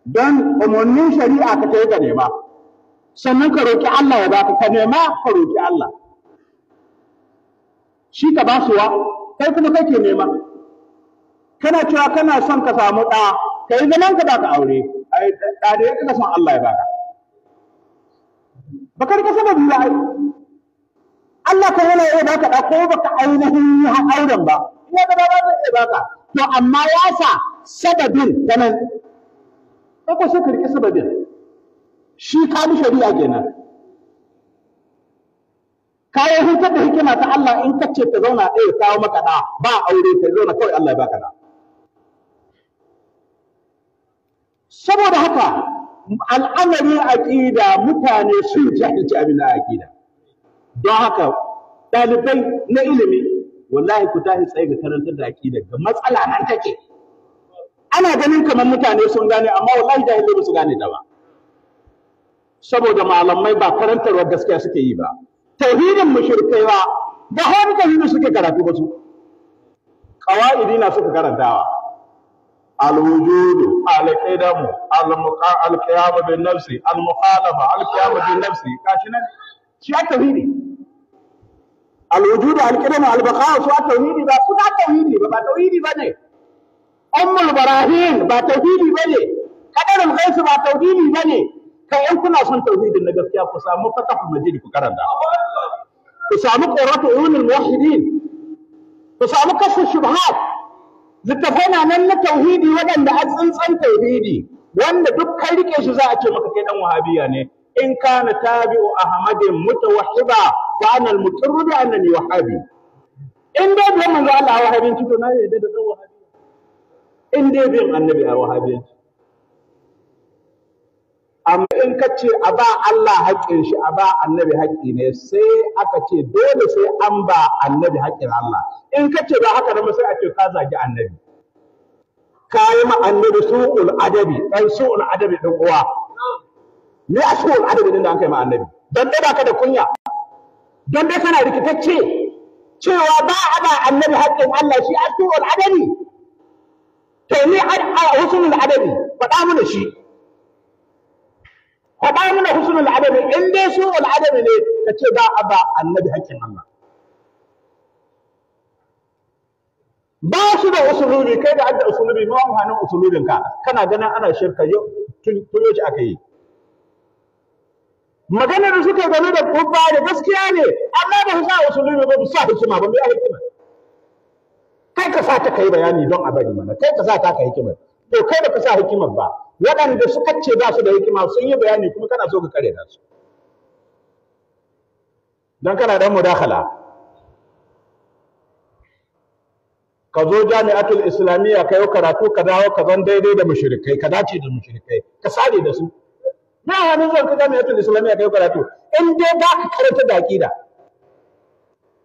Speaker 2: don umarnin shari'a ka ta yi ga nema sannan ka roƙi Allah ya baka ka nema ka roƙi Allah shi ka ba su wa kai kuma kake nema kana cewa kana son ka samu ɗa ka yi zaman ka baka aure ai ɗa da yake son Allah ya baka baka ka sababi ba ai Allah ka yana ya baka ɗa ko baka ainihin yi auren ba ina da baba zai iya baka to amma ya sa sababin ta nan ko sai ka riƙe sababin shi kamu shari'a kenan kayan hukar da hikima ta Allah in ka ce ta zauna ɗaya eh, kawo maka ɗa ba aure ta zauna kawai Allah ya baka ɗa saboda haka al'amarin aƙida mutane sun jahilci abin da aƙida don haka ɗalibai na ilimi wallahi ku tashi tsaye ga karantar da aƙida ga matsala nan take ana ganin kamar mutane sun gane amma wallahi da ba su gane da ba saboda malamai ba karantarwa gaskiya suke yi ba tauhidin mushrikai ba da hori tauhidi suke karatu ba su qawaidi na suka karantawa al-wujudu al-qidamu al-qiyamu bin nafsi al alqiyam al bin nafsi kashi nan shi a tauhidi al alqidamu al al su a tauhidi ba su da tauhidi ba ba tauhidi ne. ummul barahin ba tauhidi ne. kadarul ghaisu ba tauhidi ne. kai in kuna son tauhidin na gaskiya ku samu fatahul majid ku karanta ku samu qurratu uyunul muwahhidin ku samu kasu shubhat littafai na nan na tauhidi waɗanda a tsantsan tauhidi wanda duk kai rike shi za a ce maka kai dan wahabiya ne in kana tabi'u ahmadin mutawahhiba fa ana al-muqirru bi annani wahabi in dai bai manzo Allah wahabin to na yi da dan wahabi in dai bai annabi a wahabin amma in ka ce a ba Allah haƙƙin shi a ba annabi haƙƙi ne sai aka ce dole sai an ba annabi haƙƙin Allah in ka ce ba haka nan sai a ce ka zagi annabi ka yi ma annabi su'ul adabi dan su'ul adabi din uwa me a su'ul adabi din da an kai ma annabi dan dai baka da kunya dan dai kana rikitacce cewa ba a ba annabi haƙƙin Allah shi a su'ul adabi to ni a wasu adabi faɗa mana shi faɗa mana husnul adami in dai su al'adami ne ka ce ba a ba annabi haƙƙin Allah ba su da usulubi kai da adda usulubi ma amfanin usulubin ka kana ganin ana shirka tun yau aka yi maganar da suka gano da kubba da gaskiya ne amma ba su sa usulubi ba su sa hikima ba mai hikima kai ka sa ta kai bayani don a bari mana kai ka sa ta ka hikima to kai ba ka sa hikimar ba waɗanda suka ce ba su da hikima sun yi bayani kuma kana so ka kare da su dan kana dan mudakala, ka zo jami'atul islamiyya ka yi karatu ka dawo ka zan daidai da mushrikai ka dace da mushrikai ka sare da su ba wani zan ka jami'atul islamiyya ka yi karatu in dai ba ka karanta da aqida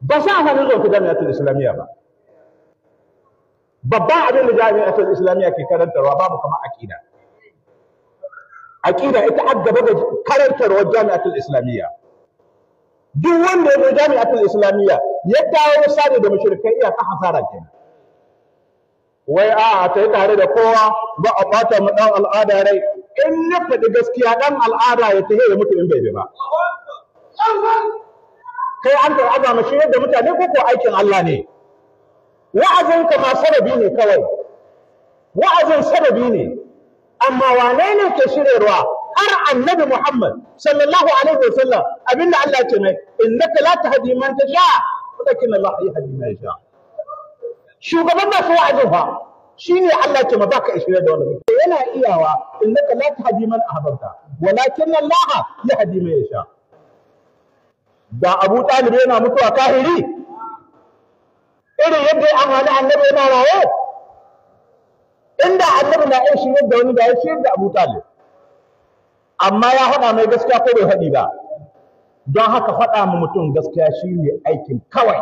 Speaker 2: ba sa hannun zan ka jami'atul islamiyya ba babban abin da jami'atul islamiyya ke karantarwa babu kamar aƙida. aqida ita addaba da karantarwar jami'atul islamiyya duk wanda ya zo jami'atul islamiyya ya dawo sare da mushrikai iya ta hasara kenan wai a a yi tare da kowa ba a bata mu dan al'ada rai in ya faɗi gaskiya dan al'ada ya tahe ya mutu in bai ba kai an ta azama shi yadda mutane ko ko aikin Allah ne wa'azinka ma sababi ne kawai wa'azin sababi ne أما وانين كشريروا هر عن نبي محمد صلى الله عليه وسلم أبن الله كمي إنك لا تهدي من تشاء ولكن الله يهدي من يشاء شو قبلنا فوعدها شيني الله كما باك إشري دولك إلا إياوا إنك لا تهدي من أحببتا ولكن الله يهدي من يشاء دا أبو طالب ينا متوى كاهري إلي يبدي أمان عن نبي رأيه inda annabi na iya shiryar da wani da ya da Abu Talib amma ya faɗa mai gaskiya ko bai faɗi ba don haka faɗa ma mutum gaskiya shi ne aikin kawai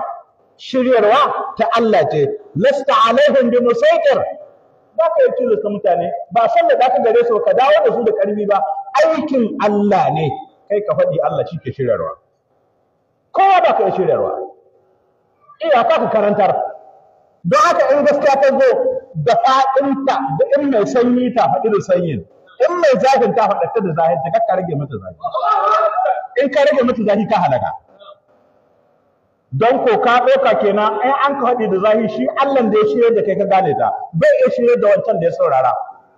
Speaker 2: shiryarwa ta Allah ce lasta alaihim bi musaitir ba ka yi tilasta mutane ba san da zaka gare su ka dawo da su da karfi ba aikin Allah ne kai ka faɗi Allah shi ke shiryarwa kowa ba ka yi shiryarwa iya ka karantar don haka in gaskiya ta zo da faɗinta da in mai sanyi ta faɗi da sanyin in mai zafin ta faɗa da zahin ta ka rage mata zafi in ka rage mata zafi ka halaka don ko ka ɗauka kenan in an ka faɗi da zafi shi Allah da ya shirya da kai ka gane ta bai iya shirya da wancan da ya saurara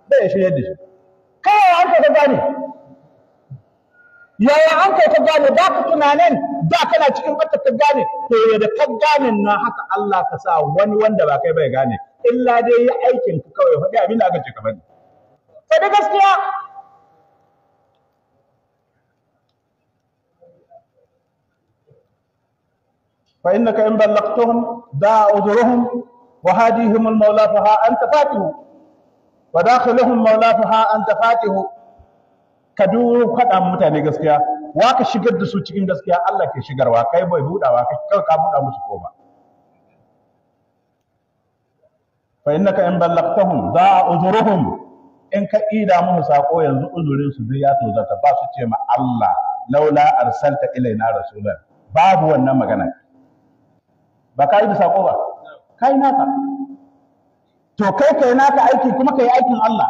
Speaker 2: bai iya shirya da shi kawai an ka gane yaya an kai ka gane ba ka tunanin da kana cikin ka gane to da ka gane na haka Allah ka sa wani wanda ba kai bai gane illa dai yi aikin
Speaker 1: ka kawai faɗi abin da aka ce ka faɗi
Speaker 2: faɗi gaskiya فإنك إن بلغتهم داع أجرهم وهاديهم المولى فها أنت فاته Mawla مولى فها أنت ka كدو قد mutane gaskiya ka shigar da su cikin gaskiya Allah ke shigarwa kai bai budawa kai ka buda musu ko ba fa innaka in ballaghtahum za ujuruhum in ka ida mu sako yanzu uzurin su zai ya tozata ba su ce ma Allah laula arsalta ilaina rasulan babu wannan magana ba ka yi da sako ba kai naka to kai kai naka aiki kuma kai aikin Allah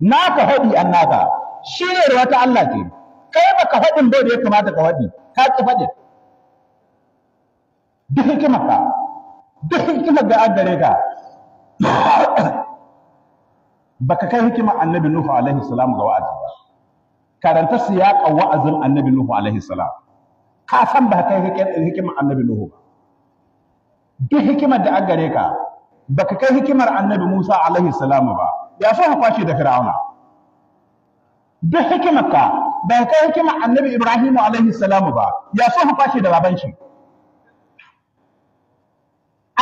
Speaker 2: naka hadi an naka shi ruwa ta Allah ke kai baka hadin bai da ya kamata ka hadi ka ki fadin duk hikimarka duk hikimar da an gare ka baka kai hikimar annabi nuhu alaihi salam ga wa'azi ba karanta siyaƙa wa'azin annabi nuhu alaihi salam ka san ba kai hikimar annabi nuhu ba duk hikimar da an gare ka baka kai hikimar annabi musa alaihi salam ba ya so ka kwashe da fir'auna duk hikimar ka ba kai hikimar annabi ibrahim alaihi salam ba ya so ka kwashe da baban shi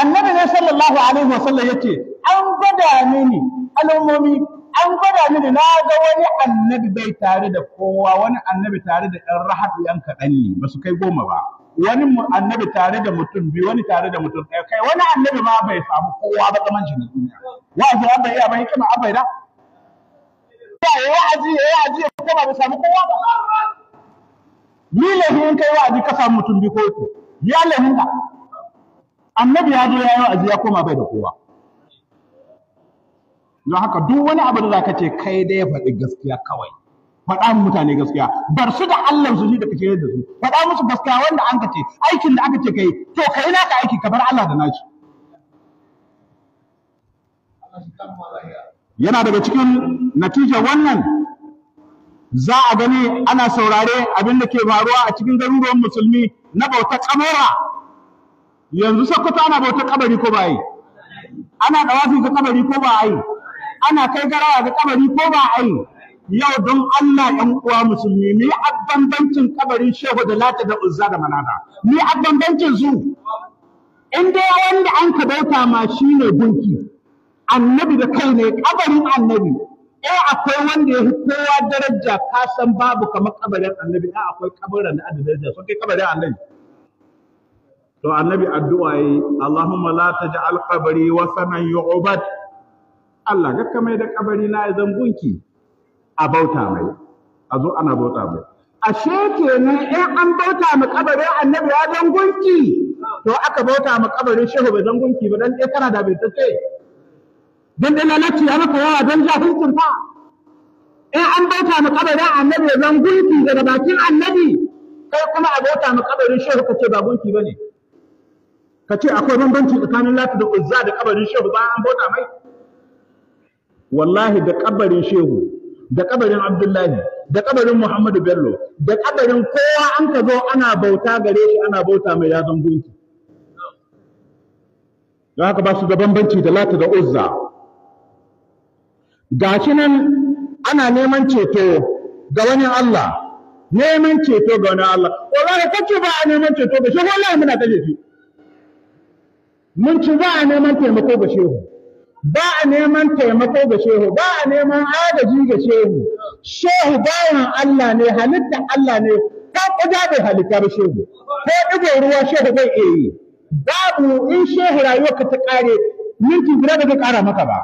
Speaker 2: annabi ne sallallahu alaihi wasallam yake an gwada mini al'ummomi an gwada mini na ga wani annabi bai tare da kowa wani annabi tare da ɗan rahadu yan kaɗan ne ba su kai goma ba wani annabi tare da mutum biyu wani tare da mutum ɗaya kai wani annabi ma bai samu kowa ba kaman shi na duniya wa'azi an bai iya ba hikima da ya yi wa'azi ya yi wa'azi ya kuma bai samu kowa ba ni lahin kai wa'azi ka samu mutum biyu ko uku ya lahin ka annabi ya zo ya yi wa'azi ya koma bai da kowa don haka duk wani abu da za ka ce kai da ya faɗi gaskiya kawai faɗa mu mutane gaskiya bar su da Allah su ji da kake da su faɗa musu gaskiya wanda an ka aikin da aka ce kai to kai naka aiki ka bar Allah da naki.
Speaker 1: yana daga cikin
Speaker 2: natijar wannan za a gani ana saurare abin da ke faruwa a cikin garuruwan musulmi na bauta kamara yanzu Sokoto ana bautar kabari ko ba yi ana dawafi ga kabari ko ba yi ana kai garawa ga kabari ko ba yi yau don Allah ɗan uwa musulmi me abbanbancin kabarin Shehu da lati da Uzza da Manata me abbanbancin su in dai wanda an ka bauta ma shine gunki annabi da kai ne kabarin annabi eh akwai wanda ya fi kowa daraja ka san babu kamar kabarin annabi eh akwai kabarin da daraja da kai kabarin annabi to annabi addu'a yi Allahumma la taj'al qabri sanan yu'bad Allah ga kamar da kabari na zan gunki a bauta mai a zo ana bauta mai ashe kenan in an bauta mu kabarin annabi ya zan gunki to aka bauta mu kabarin shehu bai zan gunki ba dan dai kana da bai tace dan dai lalaci ya maka yawa dan jahilcin fa in an bauta mu kabarin annabi ya zan gunki daga bakin annabi kai kuma a bauta mu kabarin shehu kace ba gunki bane ka ce akwai bambanci tsakanin lati da uzza da kabarin shehu ba an bauta mai wallahi da kabarin shehu da kabarin abdullahi da kabarin muhammadu bello da kabarin kowa an ka zo ana bauta gare shi ana bauta mai yazon gunki don haka ba su da bambanci da lati da uzza shi nan ana neman ceto ga wani Allah neman ceto ga wani Allah wallahi kace ba a neman ceto ga shi wallahi muna kaje shi mun ci ba a neman taimako ga shehu ba a neman taimako ga shehu ba a neman agaji ga shehu shehu bayan Allah ne halitta Allah ne ta kuda bai halitta ba shehu ko ɗigo ruwa shehu bai iya yi babu in shehu rayuwarka ta ƙare minti guda ba zai ƙara maka ba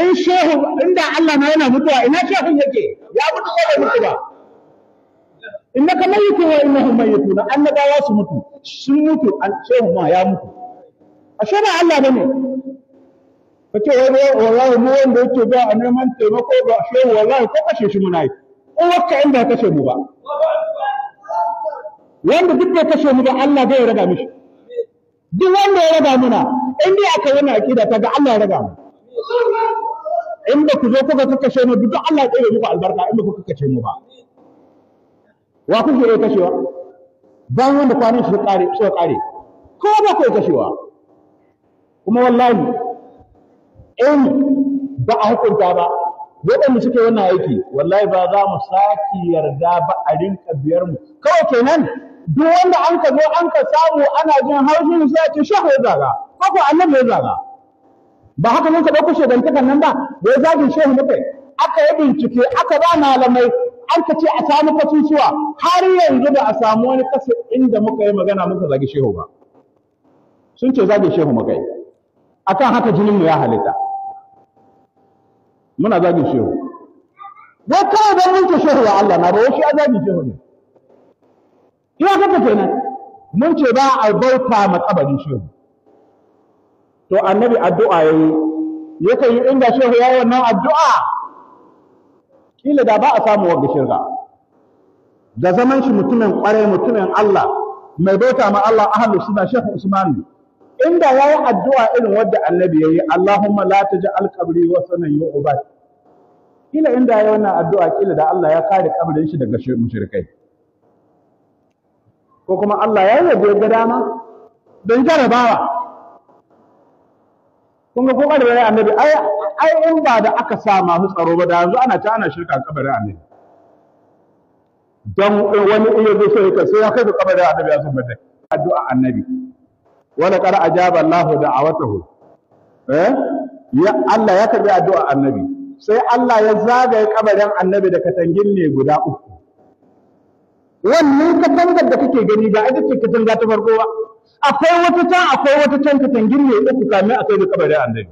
Speaker 2: in shehu inda Allah na yana mutuwa ina shehu yake ya mutu ko bai mutu ba innaka mayyitun wa innahum mayyitun annabawa su mutu sun mutu shehu ma ya mutu ashe ba Allah bane kace wai wallahi mu wanda yake ba a neman taimako ba ashe wallahi ko kashe shi muna yi in wakka in ba kashe mu ba wanda duk bai kashe mu ba Allah bai raga mishi duk wanda ya raga muna in dai aka yi wannan akida ta ga Allah ya raga mu in ba ku zo kuka kakkashe mu duk Allah ya tsare muku albarka in ba ku kakkashe mu ba wa kuke yi kashewa bayan wanda kwanan shi suka kare ko ba ku kashewa kuma wallahi in ba a hukunta ba waɗanda suke wannan aiki wallahi ba za mu sake yarda ba a rinka biyar mu kawai kenan duk wanda an ka zo an ka samu ana jin haushin sai a ce shehu ya zaga ko ko annabi ya zaga ba haka mun ka ta kan nan ba da ya zagin shehu kai aka yi bincike aka ba malamai an ka ce a samu kasusuwa har yanzu ba a samu wani kasa inda muka yi magana muka zagi shehu ba sun ce zagin shehu muka yi akan haka jinin mu ya halitta muna zagin shehu wai kawai don mun ce shehu ya Allah na ba wasu shi a zagin shehu ne ina kaka kenan mun ce ba a bauta ma shehu to annabi addu'a yayi yakan yi inda shehu ya wannan addu'a kila da ba a samu wagga shirka da zaman shi mutumin kwarai mutumin Allah mai bauta ma Allah ahlus sunna shehu Usman inda yi addu'a irin wadda annabi ya yayi Allahumma la alkabri wasu nan yi yu'bad kila inda yi wannan addu'a kila da Allah ya kare kabarin shi daga mushrikai ko kuma Allah ya yi ga dama don jarabawa kun ga ko kada yayi annabi ai in ba da aka sa masu tsaro ba da yanzu ana ta ana shirka kabarin annabi Don wani iya zo sai ka sai ya kai kabarin annabi ya zo da addu'a annabi wala qad ajaba da da'awatahu eh ya Allah ya karbi addu'a annabi sai Allah ya zagaye kabarin annabi da katangin ne guda uku wannan katangar da kake gani ba ita ce katanga ta farko ba akwai wata can akwai wata can katangin ne uku kamin akai da kabarin annabi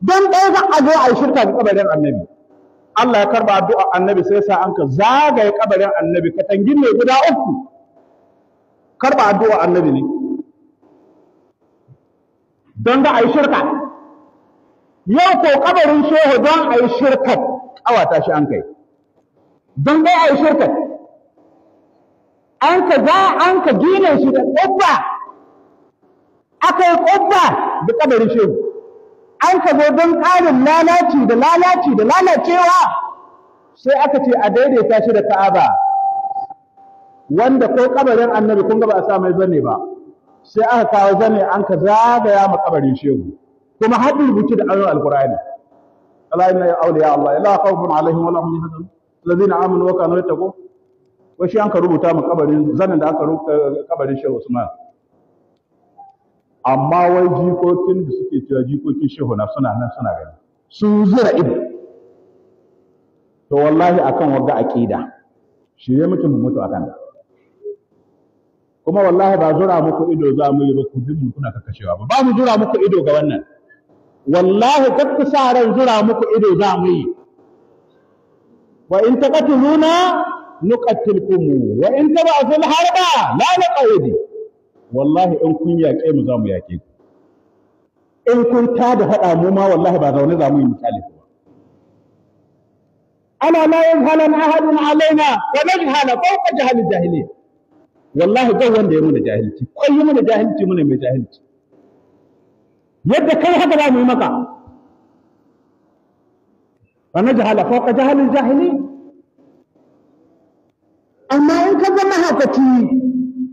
Speaker 2: don dai ga a zo a yi shirka da kabarin annabi Allah ya karba addu'a annabi sai sa an ka zagaye kabarin annabi katangin ne guda uku karba addu'a annabi ne don za a yi shirka yau ko kabarin shehu don a yi shirka kawata shi an kai don dai a yi shirka an ka za an ka gina shi da ƙubba aka yi ƙubba da kabarin shehu an ka zo don ƙarin lalaci da lalaci da lalacewa sai aka ce a daidaita shi da ka'aba wanda ko kabarin annabi kun ga ba a sa mai zane ba sai aka kawo zane an ka zagaya makabarin shehu kuma har rubuce da ayoyin alqur'ani Allah inna ya awliya Allah la khawfun alaihim wa la hum yahzanun alladhina amanu wa kanu yattaqun wai shi an ka rubuta makabarin zanen da aka rubuta eh,
Speaker 1: kabarin shehu Usman amma wai jikokin da suke cewa jikokin shehu na suna nan suna gani Su zira ido to
Speaker 2: wallahi akan wagga aqida shirye mutum mutu akan da kuma wallahi ba zura muku ido za mu yi ba ku bi mu kuna kakkashewa ba ba mu zura muku ido ga wannan wallahi kakku sa ran zura muku ido za mu yi wa in taqatuluna nuqatilkum wa in tab'atul harba la naqaidi wallahi in kun yaƙe mu za mu yaƙe ku in kun ta da faɗa mu ma wallahi ba zaune za mu yi misali ba ana la yazhalan ahadun alaina wa najhala fawqa jahal jahiliyya wallahi ba wanda ya muna jahilci kai yi muna jahilci muna mai jahilci yadda kai haka za mu yi maka fa jahala ko ka jahalin jahili amma in ka zama hakaci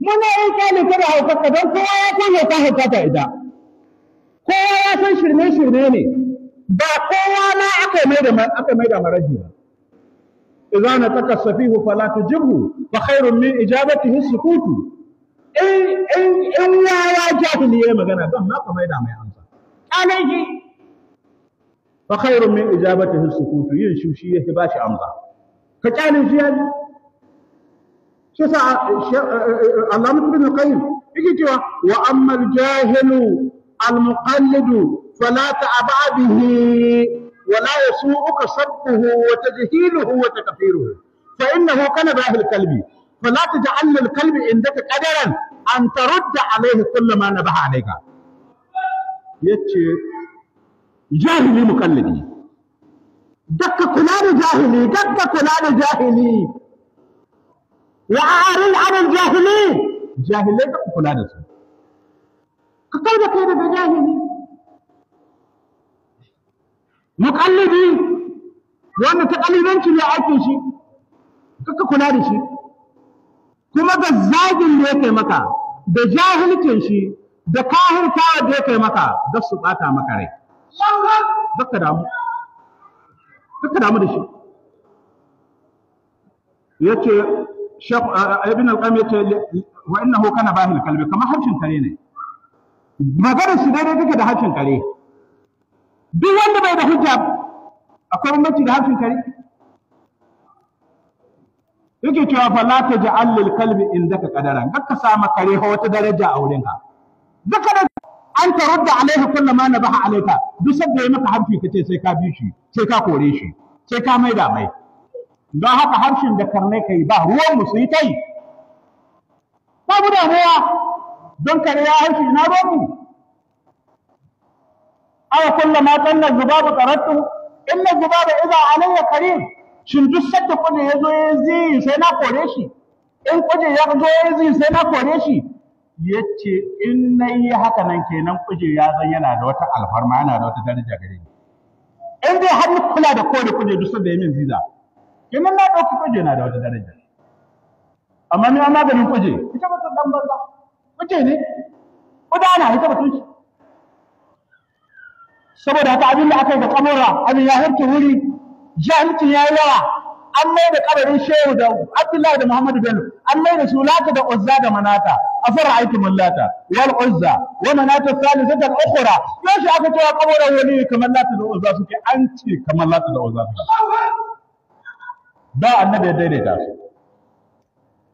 Speaker 2: muna yin kyale ta da haukarka don kowa ya san hauka hauka ta ita kowa ya san shirme shirme ne ba kowa na aka mai da maraji ba idza nataka safihu fala tujibhu fa khairun min ijabatihi sukutu in in in wawa jahili yayi magana don ma ka maida mai amsa alaji fa khairun min ijabatihi sukutu yin shushi yake ba shi amsa ka kyale shi yaji shi sa Allah mutum qayyim yake wa ammal jahilu al muqallidu fala ta'ba bihi ولا يسوءك صبه وتجهيله وتكفيره فإنه كلب أهل الكلب فلا تجعل الكلب عندك قدرا أن ترد عليه كل ما نبه عليك يتشي جاهلي مقلدي دك كلان جاهلي دك كلان جاهلي وأعرض عن الجاهلين جاهلين دك كلان جاهلي كتبك هذا جاهلي muƙallidi wanda ta ƙalibanci ne ake shi kaka kula da shi kuma ga zagin da ya kai maka da jahilcin shi da kahirtawa da ya kai maka da su ɓata maka rai baka damu baka damu da shi yace ibn al-qayyim yace wa innahu kana bahil kalbi kamar harshen kare ne magana shi daidai take da harshen kare duk wanda bai da hujja akwai bambanci da harshen kare yake cewa fa la taj'al lil kalbi indaka kadara, kakka sama kare ho wata daraja a wurinka duka da an tarudda alaihi kullu ma nabaha alaika duk sanda ya maka harfi kace sai ka bi shi sai ka kore shi sai ka maida mai don haka harshen da karne kai ba ruwan mu su yi tai babu ruwa don kare ya harshe na ruwan aw kullama tanna zubabu tarattu inna zubaba idza alayya karim shin duk sadda kuje ya zo ya zi sai na kore shi in kuje ya zo ya sai na kore shi yace in nayi haka nan kenan kuje ya zan yana da wata alfarma yana da wata daraja gare ni in dai har ni kula da kore kuje duk sadda ya min ziza kenan na dauki kuje yana da wata daraja amma ni ma maganin kuje ita ba ta dan banza kuje ne ana ita ba tunci saboda haka abin da aka yi da kaburra abin ya hirta wuri jahilcin ya yi yawa an mai da kabarin shehu da abdullahi da muhammadu bello an mai da su lata da uzza da manata a fara aikin mallata wal uzza wa manata da al ukhra yaushe aka cewa kaburin wani kamar lata da uzza suke an ce kamar lata da uzza suke ba annabi ya daidaita su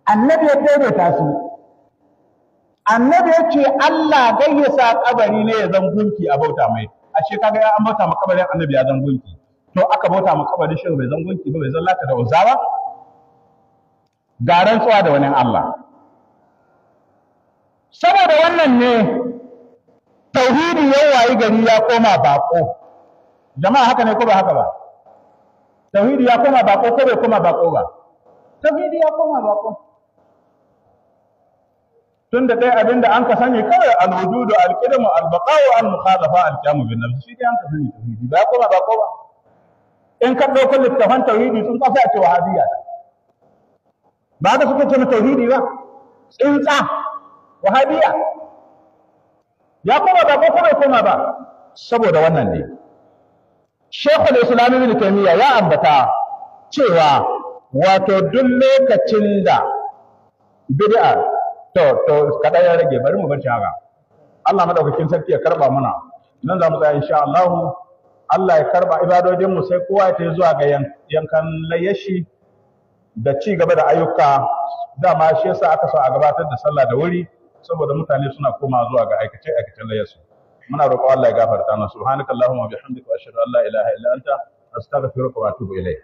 Speaker 2: annabi ya daidaita su annabi ya ce Allah gayyasa kabari ne ya zan gunki a bauta mai ashe kaga ya an bauta makabarin annabi ya zangonki to aka bauta makabarin shi bai zangonki ba bai zallata da uzza ba ga da wani Allah saboda wannan ne tauhidi ya wayi gari ya koma bako jama'a haka ne ko ba haka ba tauhidi ya koma bako ko bai koma bako ba tauhidi ya koma bako tun da dai abin da an ka sani kawai alwujudu alqidmu albaqa'u an mukhalafa alqiyamu bin nafsi shi ne
Speaker 1: an ka sani tauhidi
Speaker 2: ba kuma ba ko ba in ka dauko littafan tauhidi sun kasa ce wahabiyya ba da suka ce tauhidi ba tsintsa wahabiyya ya koma ba ko kuma koma ba saboda wannan ne Shekul Islam Ibn Taymiyyah ya ambata cewa wato duk lokacin da bid'a to to kada ya rage bari mu barci haka Allah madaukakin sarki ya karba muna nan za mu tsaya insha Allah Allah ya karba ibadodin mu sai kowa ya zuwa ga yankan layyashi
Speaker 1: da ci gaba da ayyuka dama shi yasa aka sa a gabatar da sallah da wuri saboda mutane suna koma zuwa ga aikace aikace layyashi muna roƙo Allah ya gafarta mana subhanakallahumma bihamdika ashhadu an la ilaha illa anta astaghfiruka wa atubu ilayk